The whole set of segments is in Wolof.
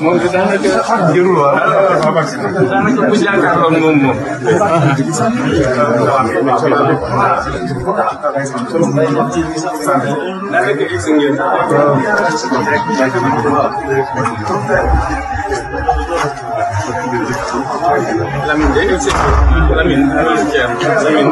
moom de daanaka jërul waa daanaka bu jàkkaarloon moom moom. daanaka egsi ngeen. Lamine de eksik. Lamine Lamine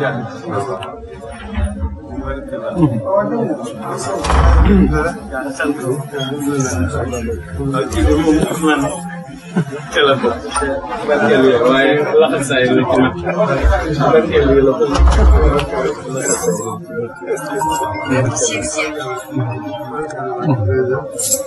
Lamine Waaw sant te la bokk barkeel yooyu waaye laxasaay la ci nag barkeel yooyu la ko laxasaay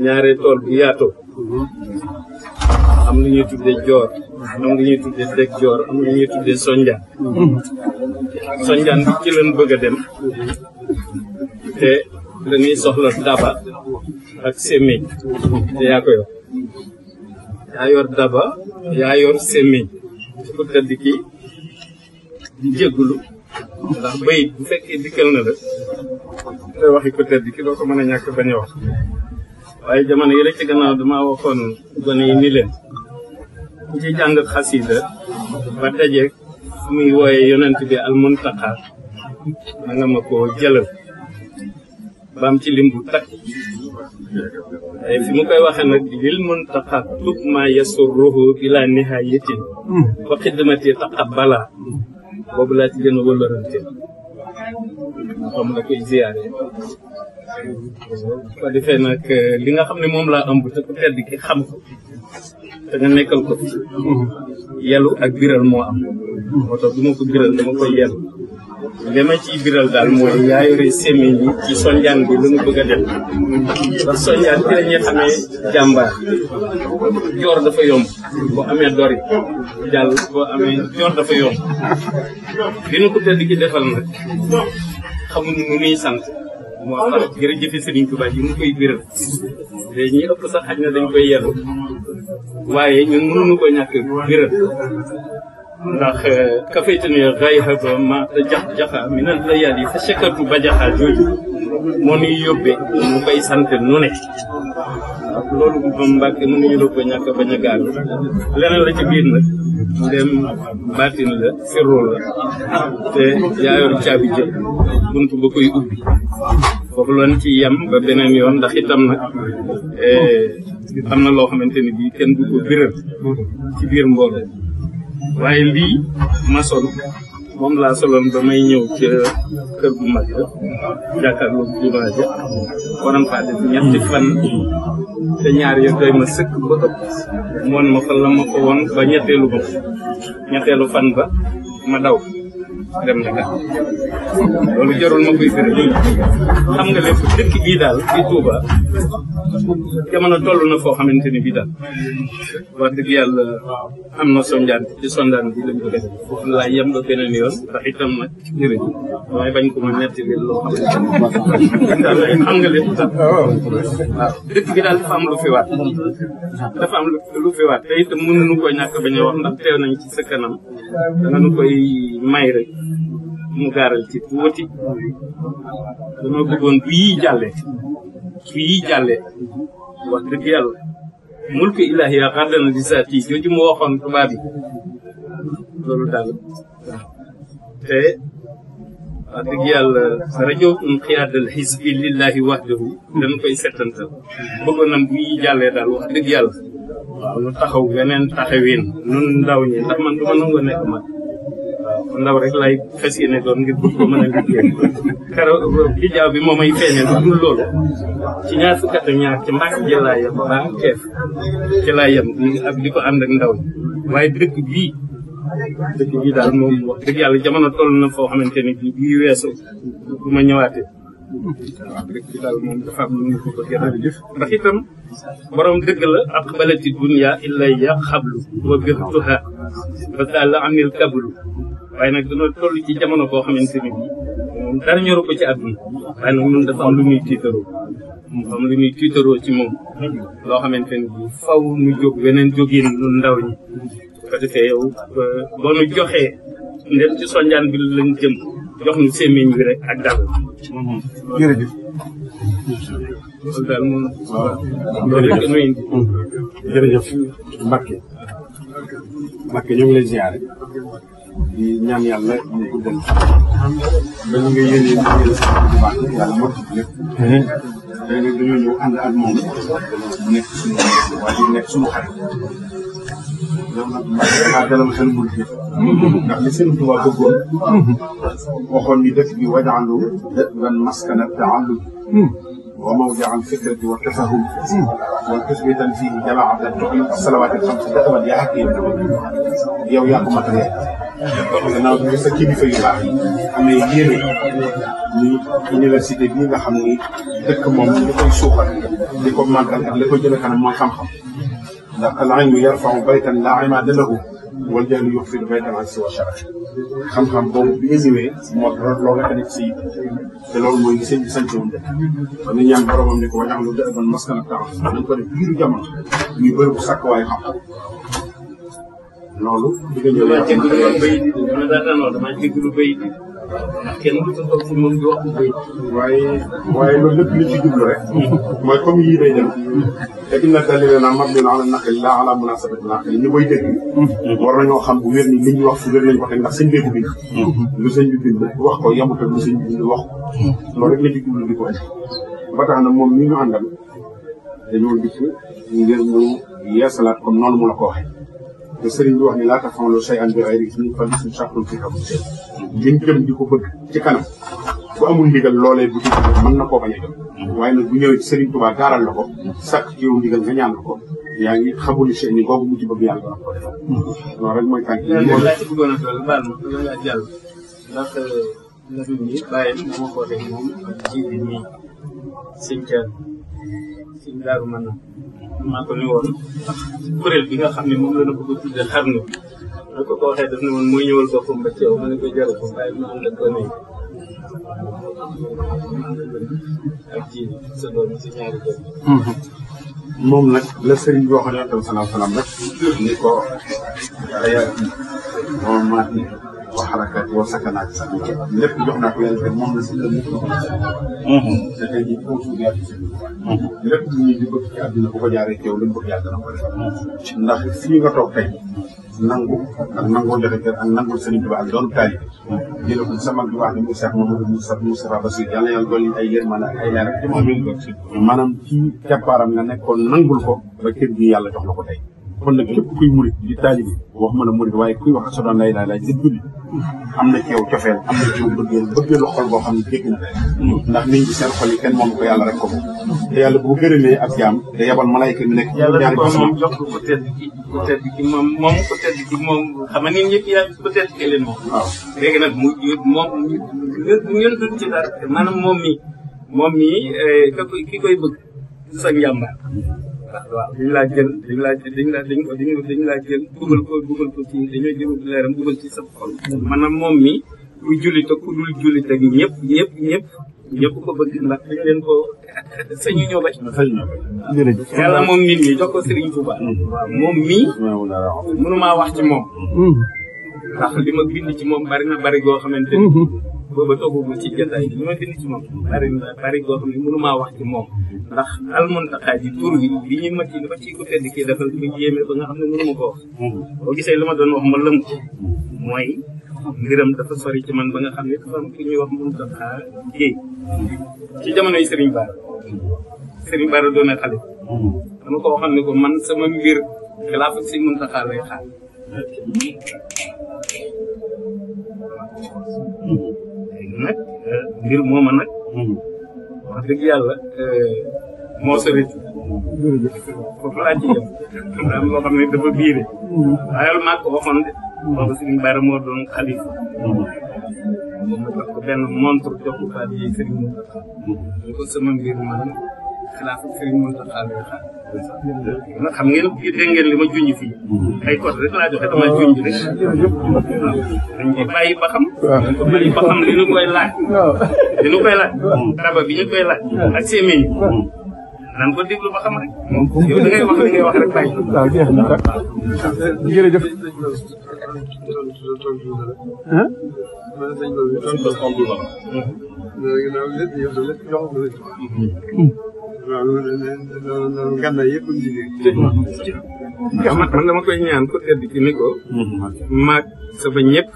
ñaare tool bu yaatoo am lu ñuy tuddee joor am lu ñuy tuddee deg joor am lu ñuy tuddee a dem te dañuy soxla daba ak semmiñ te yaa ko yor yaa yor daba yaa yor semmiñ ku tëdd ki bayit bu fekkee dikkal te waxi ko mën a ñàkk bañ a wax waaye jamono yi rek ci gannaaw damaa waxoon gone yi ku ci jàng xasida ba dajeeg fu yonent bi almuntaqa na nga ma koo jëlal ci lim bu takk waaye fi mu koy waxee nag lil muntaqa tub ma yasurruhu bila nihayatin wa xidmati taqabbala boobu laa ci gën a wëlërante xam na koy ziyaare ko defee nag euh, li nga xam ne moom laa ëmb te ku tedd ki xam ko te nga nekkal ko yelu ak biral moo am moo tax du ma ko biral dama koy yelu li ma biral daal mooy yaa yore yi ci sonjaan bi lu mu bëgg a def ndax sonjaan bi la ñuy xamee jàmbaar joor dafa yomb boo amee dori jàll boo amee joor dafa yomb dina ko tedd ki defal nag xamuñu nu nuy sant moo tax jërëjëf Serigne Touba yi mu koy biral te ñi ëpp na dañ koy yellu waaye ñun mënuñu ko ñàkk biral ndax kafaytani euh, xayhaba ma jax jaxa min al layali fa shakartu ba jaxa jooju moo nuy yóbbee ñu koy sant nu loolu moom Mbàkke mënuñu la ko ñàkk a bañ a gaal leneen la ci biir nag ndem baatin la sirru la te yaa yor caabi ba koy ubbi foofu loon ci yem ba beneen yoon ndax itam nag eh, am na loo xamante ni bii kenn du ci biir mbooloo waaye lii maçon moom laa soloon ba may ñëw ca kër gu mag ja jàkkaarloog jumaa ja waroon faa ñetti fan te ñaar ya doy ma sëkk ba moon ma fa ma ko woon ba ñetteelu ba ñetteelu fan ba ma daw dem na kat loolu jarul ma koy firi xam nga lépp dëkk bii daal di Touba jamono toll na foo xamante ni bii daal wax dëgg yàlla am na sondaan ci sondaan bi lañ ko def foofu laa yem ba yoon ndax itam nag jërëjëf bañ ko ma netti li loo xamante nga lépp sax dëkk bi daal dafa lu fi waat dafa lu fi waat te itam mënuñu ko bañ a wax ndax nañ ci sa kanam danga nu mu gaaral ci tuuti dama bëggoon bu yii jàllee bu yii wax dëgg yàlla mulku ilaahi yaa xardana di saa tii jooju mu waxoon tubaab yi loolu daal te wax dëgg yàlla rajo inqiyaadal xisbi lillahi wahdahu dañ koy settantal bëggoon nañ bu yii jàllee daal wax dëgg yàlla nu taxaw beneen taxawin nun ndaw ñi ndax man du ma nangoo ndaw rek lay fas yéene doon ngir bëgg ko mën a liggéey karo bijaaw bi moo may feeñal lu dul ci ñaar fukk ak ci mbàkk ji laa keef ci laa di ko ànd ak ndaw waaye dëkk bii dëkk bii daal moom wax dëgg yàlla jamono toll na foo xamante ni bii weesu bu ma ñëwaatee waaw dëkk bi daal moom dafa am a def ndax ya xablu wa birtuha fa daal la amil kablu waaye nag dañoo toll ci jamono boo xamante ni bii moom dara ñoru ko lu muy tiitaroo dafa lu muy tiitaroo ci moom xamante ni bii faw nu jóg jógin ñun ndaw ñi ko defee yow boo nu bi lañ jëm jox nu sémmiñ bi ak dal jërëjëf loolu indi jërëjëf Mbacke Mbacke ñoo ngi di ñaan yàlla ñu guddal ba ñu nga yéene ñu ngi def bu baax yàlla moo ci lépp. Mhm. léegi nag dañoo ñëw ànd ak moom mu nekk suñu waa ji nekk suñu xarit. loolu nag mbaa dalal xel bu dul ndax li seen Tuubaa bëggoon. waxoon ni dëkk bi wajaalu dan maskana taallum وموضع الفكرة والتفهم وتثبيتا فيه جماعة التقييم الصلوات الخمس دائما يا حكيم يا وياكم kon gannaaw bi sa kilifa yu baax yi amee yéene ni université bi nga xam ni dëkk moom li koy suuxal li ko màggal ak li koy jëme kanam mooy xam-xam ndax al ilmu yarfau baytan laa imaada lahu wal jahlu yuxfidu baytan an siwa sharaf xam-xam boobu bi ésiwee moo loolu rek a nekk si te loolu mooy sëñ bi sant woon dëkk kon ni ñaan boromam ni ko wajaxlu dëban maskana taam nañ ko def biiru jamono ñuy bërëbu sàkk xam loolu. damaa jéggi lu man béy di dama daan noonu damaa jéggi lu béy di ndax kenn du ko toog moom di waaye waaye loolu lépp jublu rek. mooy comme yii day dem. te inna dalila naa mabniyyun ala naqli laa ala munaasabati naqli xam bu wér li ñu wax fu wér lañ waxee ndax seen bi. lu sëñ bi bind wax ko yamut ak lu sëñ wax ko. loolu ko ba na moom ni ñu àndal dañoo gis ngir mu noonu mu la ko waxee. te sëriñ bi ni laata xamloo say an bi ay ri suñu fal suñu sàkkul ci xam liñ gëm di ko bëgg ci kanam bu amul ndigal loolee bu ci mën na koo bañ a jëm waaye nag bu ñëwee ci sëriñ Tuubaa gaaral la ko sàkk ci yow ndigal nga ñaan ko yaa ngi xamul si ni mu ci bëgg yàlla ko defal loolu rek mooy tànk laa ci bëggoon a toll baal ma loolu laa jàll ndax euh, maa ko ne bi nga xam ne moom la ñu ko bëgg a tuddee xar nu ba teew ma ne ko jaru ko waaye ma ànd ak ko ne mhm. moom nag la sëriñ bi waxoon yoon tam salaam salaam rek ni ko aya xarakaat wa sakanaat sax lépp jox naa ko yàlla moom la si la nit ñi. te tey jii foofu ñu yaatu ko jaaree ci yow li mu bëgg yàlla nangu ak nangoo joxe kër ak nangul Sëriñ Tuubaa ak doon taalibe. di la ko sa mag ne mu Cheikh Mamadou Moussa Moustapha yàlla yàlla ay yërmande ay leer ak ci moom. maanaam ci nga nekkoon nangul ko ba kër gi yàlla jox la ko tey. kon nag képp kuy murit di taalibi wax ma la murit waaye kuy wax asodaan lay laay laay di julli am na ci cofeel am na ci yow bëggeel bëggeelu xol boo xam ne dégg na ndax nit ñi seen xol yi kenn ko yàlla rek ko moom te yàlla bu gërëmee ak jaam te yabal malaayka mi nekk ñaari bos ki ko tedd ki moom moom ko tedd ki moom mi moom eh, ki koy bëgg sa waaw dañ laa jël dañ laa dañ laa ko dañ laa jël dugal ko dugal ko ci dañoo jël leeram dugal ci sa xol maanaam moom mi ku jullit ak ku dul jullit ak ñëpp ñëpp ko bëgg ndax dañ leen ko sañu ñoo bañ yàlla moom nit ñi jox ko Sëriñ Tuuba mm. moom mii mm. mënumaa wax ci moom mm. ndax li ma bind ci moom bari na bari goo xamante ba toogagum ci jotaay bi ma bind ci moom bari na bari goo xam ne mënumaa wax moom ndax almuntaxaa ji tur yi li ñuy matti li ma ci ko tedd kii defal mu yéeme ba nga xam ne mënuma ko wax boo mooy mbiram dafa sori ci man ba nga xam ne dafa am ki ñuy wax muntaxaa géey ci jamonoy sëriñ Bara sëriñ Bara doona xale dama ko waxoon ne ko man sama mbir xilaafa si muntaxaa lay xaar nag eh, mbir mooma nag. Hmm. wax dëgg yàlla eh, moo sa rëcc. foofu laa xam ne dafa biire. Hmm. waaye lu màgg waxoon de. Hmm. moo doon xalifa. moom mu montre jox ko Fatou sama mbir man. xilaafa sëriñ Mountakha bi nag xam ngeen dégg ngeen li ma junj fii. ay code rek laa joxe dama junj rek. waaw dañ ba xam. dañ ko bàyyi ba xam li ñu koy laaj. li ñu koy laaj. raba bi ñu koy laaj. nan ko déglu ba xam rek. yow da ngay wax li rek bàyyi. waaw jeex na jërëjëf. ah. loolu gànnaay a ngi liggéey. man dama koy ñaan ko tedd ki ni ko. maag sama ñëpp.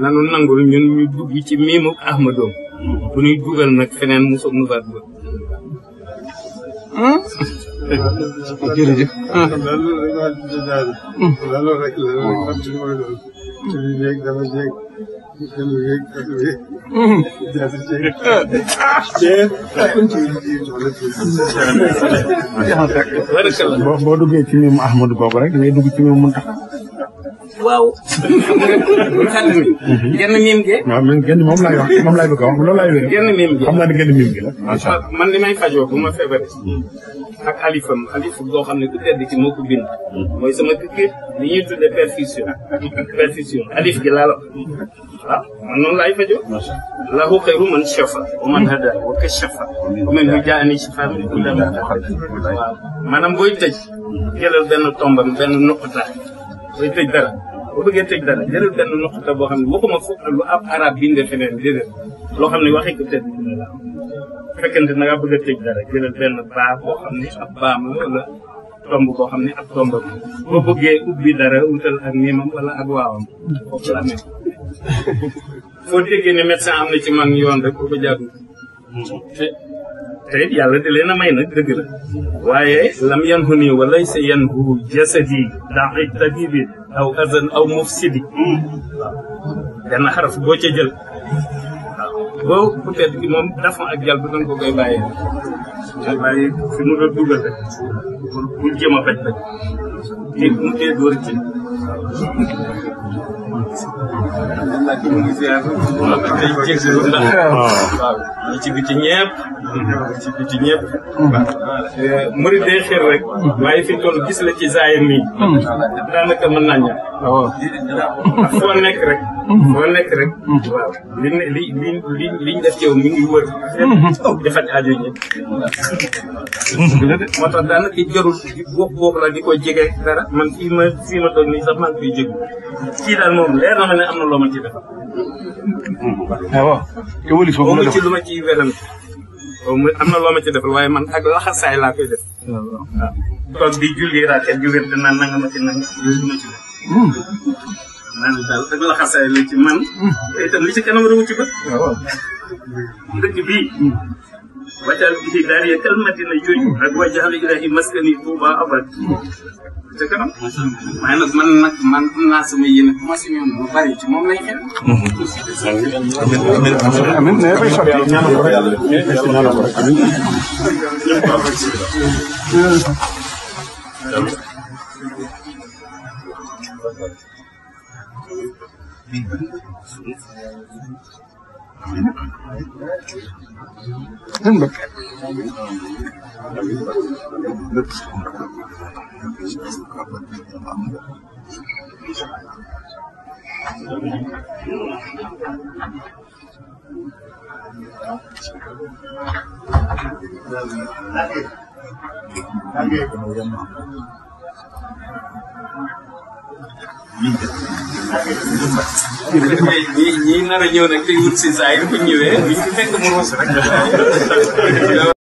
nanu nangul ñun ñu dugg ci miimu Ahmadoom. bu ñuy dugal nag ba. jërëjëf. loolu ah. boo duggee ci miimu Ahmadu googu rek da ngay dugg ci miimu Muntaxa waaw. genn miim gi. waaw man genn moom laay wax moom laay a wax loolu laay wér. man li may fajoo bu ma feebaree. ak alif boo xam ne ku tedd ci moo mooy sama kii li ñuy tuddee perfusion. perfusion alif gi ah man noonu laay fajoo. macha la lahu xayru man shafa wa man hada wa ka shafa. maanaam booy tëj. jëlal benn tombam benn nuqta booy tëj dara boo bëggee tëj dara jëlal benn nuqta boo xam ne waxuma foog lu ab arab bindee feneen déedéet loo xam ne waxi ko tëj la bu fekkente ne nga bëgg a tëj dara jëlal benn baa boo xam ne ab baam wala. tomb boo xam ne ak tomb boo bëggee ubbi dara wutal ak niimam wala ak waawam foofu la amee foo déggee ne am na ci man yoon rek ku ko te te yàlla di leen a may nag dëgg la waaye lam yan hu nii walay sa yan hu jasadi daxi tabibi aw azan aw mufsidi waaw benn xaraf boo ca jël waaw boo dafa ak jàll bi dañ ko koy bàyyee nga bàyyi fi mu la a faj te mu tee ñu ngi ziar. waaw tey jégalu ndax. waaw ñi ci biti ñëpp. rek. waaye fi toll gis la ci zaayir nii. daanaka mën naa ñàkk. waaw nekk rek. foo nekk rek. li li liñ def yow mi ngi wër. dafa aajo ñëpp. moo tax daanaka jarul la di ko jege dara man fii ma fii ma toog nii sax maa ngi koy leer na am na loo ma ci ah, def. waaw évolué foofu la def ci lu ma ciy werante. am na loo ma ci def waaye man ag laxasaay laa koy def. Ah, waaw waaw. Ah. toog di julli raaket nanga ma ci nanga yooyu ma ci def. Hmm. naan daal ak laxasaay la ci man. Hmm. te itam li ci kanam rewu ci hmm. bi daal maskani tuuba abad ca kanam. waaye nag man nag man am naa sama yéene bu ma si ñëwoon lu bari ci moom lay xel. amiin amiin bay sotti ñaanal ko rek ñaanal ko rek amiin. Thank you. Sen bak. Thank you. ñi nar a ñëw nag wut si saa yi bu ñëwee bu ñu fekk mu ruus